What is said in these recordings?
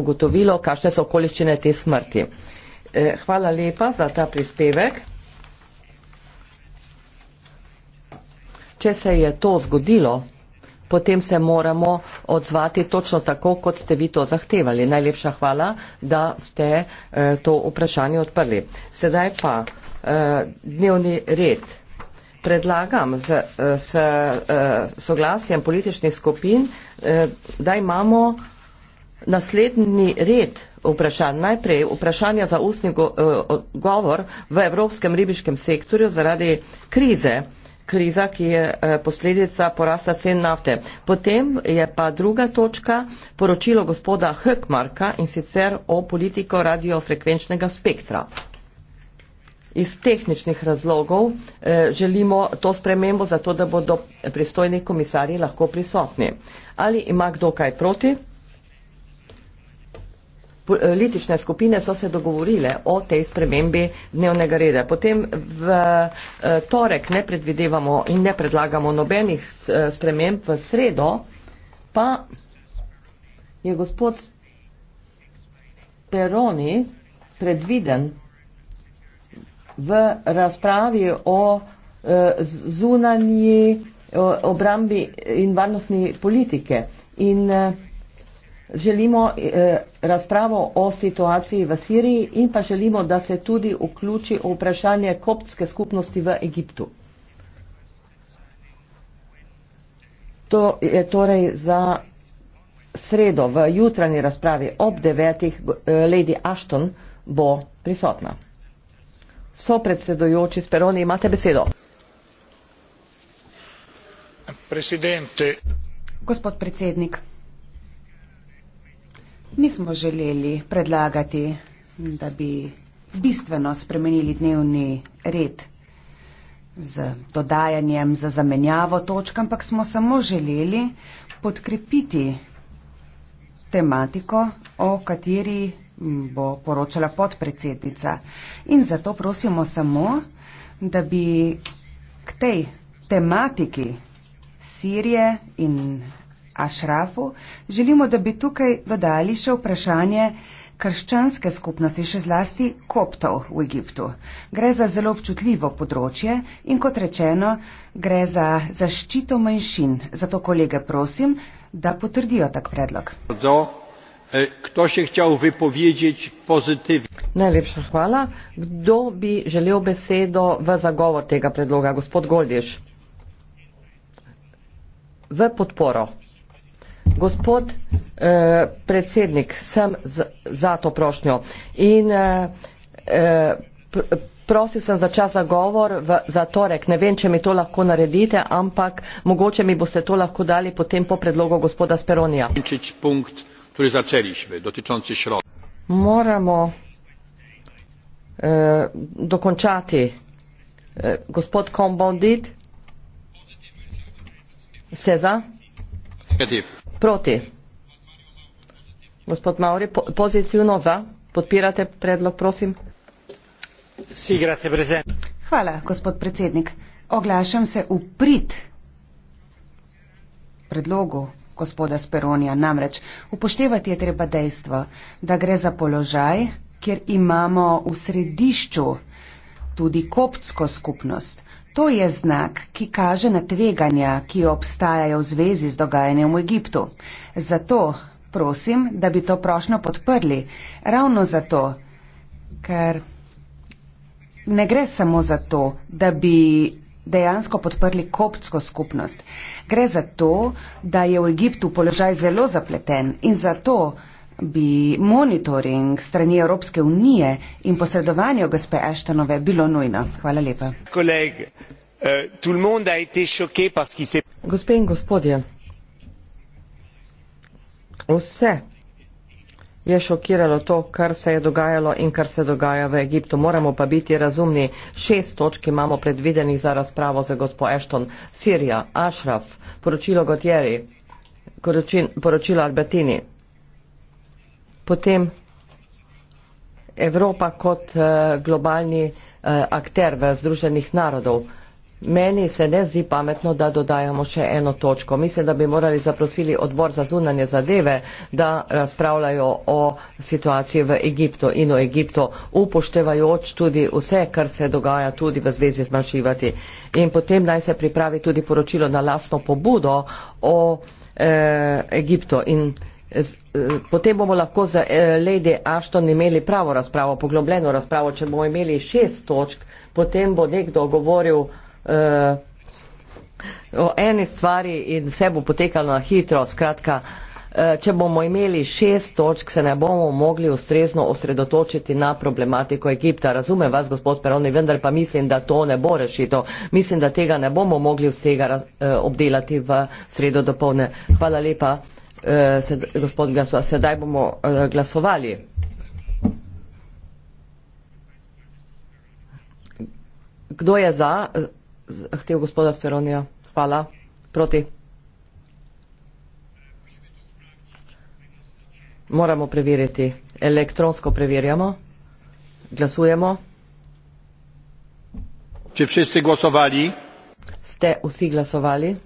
ugotovilo, kakšne so okoliščine te smrti. Eh, hvala lepa za ta prispevek. Če se je to zgodilo, potem se moramo odzvati točno tako, kot ste vi to zahtevali. Najlepša hvala, da ste eh, to vprašanje odprli. Sedaj pa eh, dnevni red. Predlagam z, z, z soglasjem političnih skupin, da imamo naslednji red vprašanj. Najprej vprašanja za ustni eh, govor v Evropskem ribiškem sektorju zaradi krize, kriza, ki je eh, posledica porasta cen nafte. Potem je pa druga točka poročilo gospoda Hökmarka in sicer o politiko radiofrekvenčnega spektra. Iz tehničnih razlogov eh, želimo to spremembo, zato da bodo pristojni komisarji lahko prisotni. Ali ima kdo kaj proti? politične eh, skupine so se dogovorile o tej spremembi dnevnega reda. Potem v eh, torek ne predvidevamo in ne predlagamo nobenih eh, sprememb, v sredo pa je gospod Peroni predviden v razpravi o zunanji obrambi in varnostni politike. In želimo razpravo o situaciji v Siriji in pa želimo, da se tudi vključi v vprašanje koptske skupnosti v Egiptu. To je torej za sredo v jutranji razpravi ob devetih eh, Lady Ashton bo prisotna. So predsedojoči Speroni, imate besedo. Gospod predsednik nismo želeli predlagati, da bi bistveno spremenili dnevni red z dodajanjem, z zamenjavo točk, ampak smo samo želeli podkrepiti tematiko, o kateri bo poročala podpredsednica. In zato prosimo samo, da bi k tej tematiki Sirije in Ašrafu, želimo, da bi tukaj dodali še vprašanje krščanske skupnosti, še zlasti koptov v Egiptu. Gre za zelo občutljivo področje in kot rečeno, gre za zaščito manjšin. Zato kolege prosim, da potrdijo tak predlog. Kdo e, še hočel vypovedati pozitivno? Najlepša hvala. Kdo bi želel besedo v zagovor tega predloga? Gospod Goldiš. V podporo gospod eh, predsednik, sem z, za to prošnjo in eh, eh, pr, prosil sem za čas za govor v, za torek. Ne vem, če mi to lahko naredite, ampak mogoče mi boste to lahko dali potem po predlogu gospoda Speronija. Moramo eh, dokončati. Eh, gospod Kombondit, ste za? Negativ. Proti. Gospod Mauri, po pozitivno za. Podpirate predlog, prosim. Hvala, gospod predsednik. Oglašam se v prid predlogu gospoda Speronija. Namreč upoštevati je treba dejstvo, da gre za položaj, kjer imamo v središču tudi koptsko skupnost. To je znak, ki kaže na tveganja, ki obstajajo v zvezi z dogajanjem v Egiptu. Zato prosim, da bi to prošno podprli. Ravno zato, ker ne gre samo za to, da bi dejansko podprli koptsko skupnost. Gre za to, da je v Egiptu položaj zelo zapleten in zato, da bi bi monitoring strani Evropske unije in posredovanje gospe Ashtonove bilo nujno. Hvala lepa. Koleg, uh, se... Gospe in gospodje, vse je šokiralo to, kar se je dogajalo in kar se dogaja v Egiptu. Moramo pa biti razumni. Šest točk imamo predvidenih za razpravo za gospo Ashton. Sirija, Ashraf, poročilo Gotjeri, poročilo Albertini potem Evropa kot eh, globalni eh, akter v Združenih narodov. Meni se ne zdi pametno, da dodajamo še eno točko. Mislim, da bi morali zaprosili odbor za zunanje zadeve, da razpravljajo o situaciji v Egiptu in o Egiptu, upoštevajoč tudi vse, kar se dogaja tudi v zvezi z manjšivati. In potem naj se pripravi tudi poročilo na lastno pobudo o e, Egiptu. In Eh, potem bomo lahko z eh, Lady Ashton imeli pravo razpravo, poglobljeno razpravo. Če bomo imeli šest točk, potem bo nekdo govoril uh, o eni stvari in vse bo potekalo na hitro. Skratka, uh, če bomo imeli šest točk, se ne bomo mogli ustrezno osredotočiti na problematiko Egipta. Razumem vas, gospod Speroni, vendar pa mislim, da to ne bo rešito. Mislim, da tega ne bomo mogli vsega uh, obdelati v sredo dopolne. Hvala lepa. Eh, sed, gospod glasoval. Sedaj bomo eh, glasovali. Kdo je za eh, zahtev gospoda Speronija? Hvala. Proti. Moramo preveriti. Elektronsko preverjamo. Glasujemo. Če vsi ste glasovali? Ste vsi glasovali?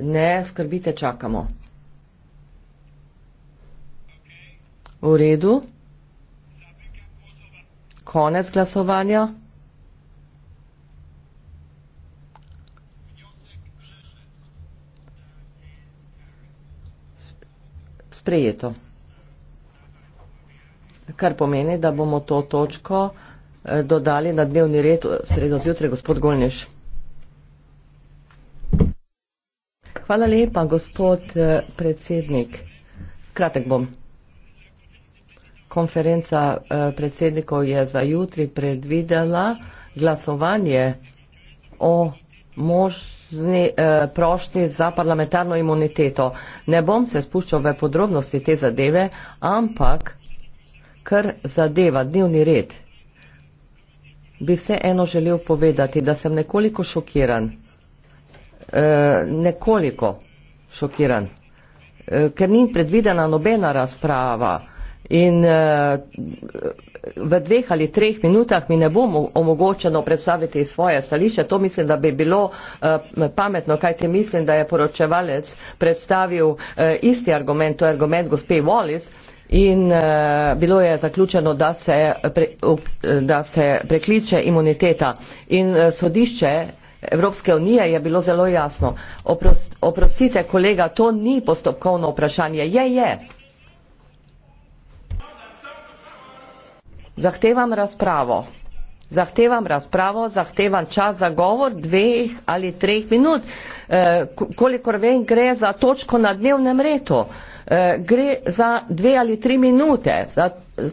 Ne skrbite, čakamo. V redu. Konec glasovanja. Sprejeto. Kar pomeni, da bomo to točko eh, dodali na dnevni red sredo zjutraj, gospod Golniš. Hvala lepa, gospod eh, predsednik. Kratek bom. Konferenca eh, predsednikov je za jutri predvidela glasovanje o možni eh, prošnji za parlamentarno imuniteto. Ne bom se spuščal v podrobnosti te zadeve, ampak kar zadeva dnevni red, bi vseeno želel povedati, da sem nekoliko šokiran. Eh, nekoliko šokiran, eh, ker ni predvidena nobena razprava in eh, v dveh ali treh minutah mi ne bo omogočeno predstaviti svoje stališče. To mislim, da bi bilo pametno, kajti mislim, da je poročevalec predstavil isti argument, to je argument gospe Wallis. In uh, bilo je zaključeno, da se, pre, uh, da se prekliče imuniteta. In uh, sodišče Evropske unije je bilo zelo jasno. Oprost, oprostite, kolega, to ni postopkovno vprašanje. Je, je. Zahtevam razpravo. Zahtevam razpravo, zahtevam čas za govor dveh ali treh minut. Eh, kolikor vem, gre za točko na dnevnem redu. Eh, gre za dve ali tri minute.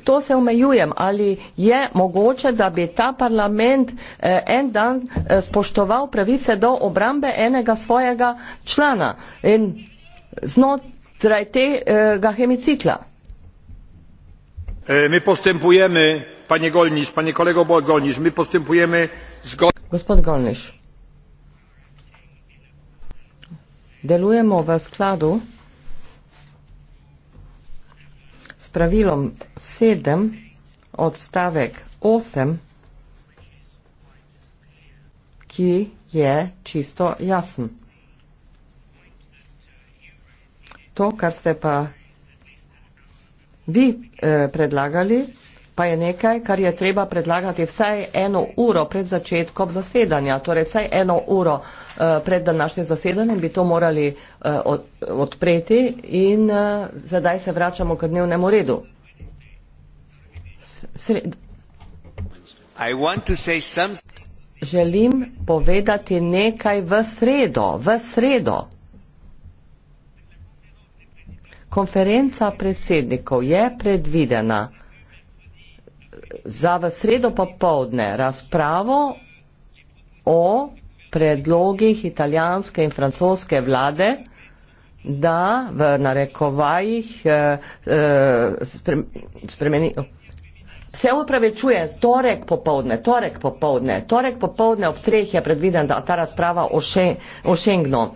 To se omejujem, ali je mogoče, da bi ta parlament eh, en dan spoštoval pravice do obrambe enega svojega člana in znotraj tega hemicikla. E, my postępujemy panie gollnisch panie kolego gollnisch my postępujemy zgodnie z gollnisch delujemo v skladu s pravilom sedem odstavek osem ki je čisto jasen to kar ste pa vi eh, predlagali, pa je nekaj, kar je treba predlagati vsaj eno uro pred začetkom zasedanja, torej vsaj eno uro eh, pred današnjim zasedanjem bi to morali eh, od, odpreti in eh, zadaj se vračamo k dnevnemu redu. Sred... Želim povedati nekaj v sredo, v sredo. Konferenca predsednikov je predvidena za v sredo popovdne razpravo o predlogih italijanske in francoske vlade, da v narekovajih eh, eh, spremeni. Se upravičuje, torek popovdne, torek popovdne, torek popovdne ob treh je predviden ta razprava o, še, o Schengnu.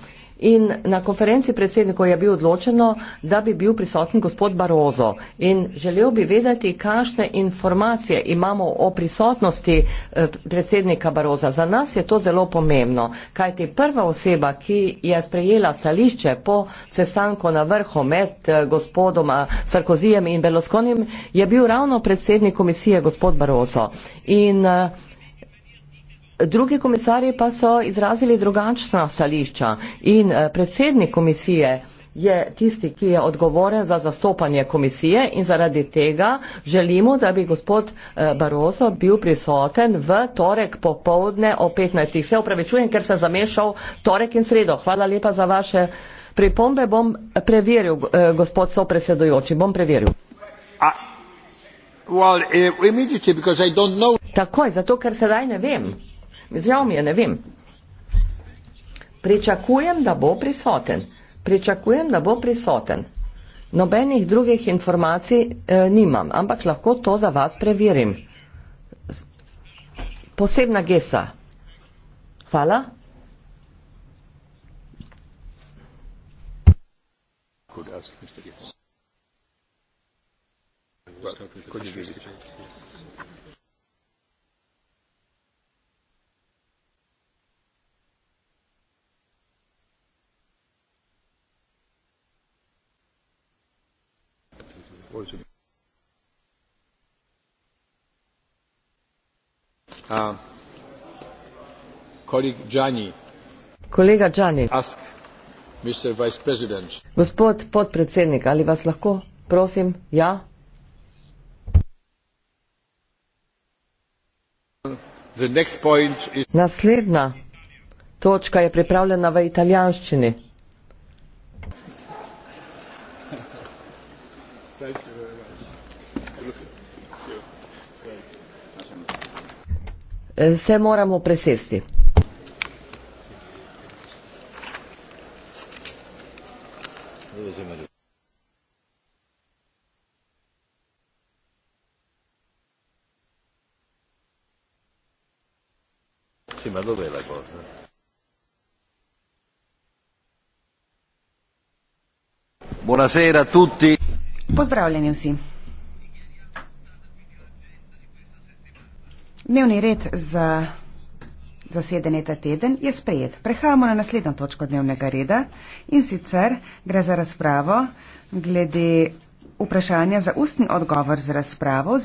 In na konferenci predsednikov je bilo odločeno, da bi bil prisoten gospod Barozo. In želel bi vedeti, kakšne informacije imamo o prisotnosti eh, predsednika Baroza. Za nas je to zelo pomembno, kajti prva oseba, ki je sprejela stališče po sestanku na vrhu med eh, gospodoma eh, Sarkozijem in Berlusconim, je bil ravno predsednik komisije gospod Barozo. In, uh, Drugi komisarji pa so izrazili drugačna stališča in eh, predsednik komisije je tisti, ki je odgovoren za zastopanje komisije in zaradi tega želimo, da bi gospod eh, Barozo bil prisoten v torek popovdne o 15. Se upravičujem, ker sem zamešal torek in sredo. Hvala lepa za vaše pripombe. Bom preveril, eh, gospod sopresedujoči, bom preveril. A Well, uh, immediately because I don't know. Takoj, zato, ker sedaj ne vem. Žal mi je, ne vem. Pričakujem, da bo prisoten. Pričakujem, da bo prisoten. Nobenih drugih informacij eh, nimam, ampak lahko to za vas preverim. Posebna gesta. Hvala. Kolega Džani, gospod podpredsednik, ali vas lahko prosim, ja? Naslednja točka je pripravljena v italijanščini. Thank you very much. Thank you. Thank you se moramo presesti. Sì, ma dov'è la cosa? Buonasera a tutti. Pozdravljeni vsi. Dnevni red za zasedanje ta teden je sprejet. Prehajamo na naslednjo točko dnevnega reda in sicer gre za razpravo glede vprašanja za ustni odgovor z razpravo.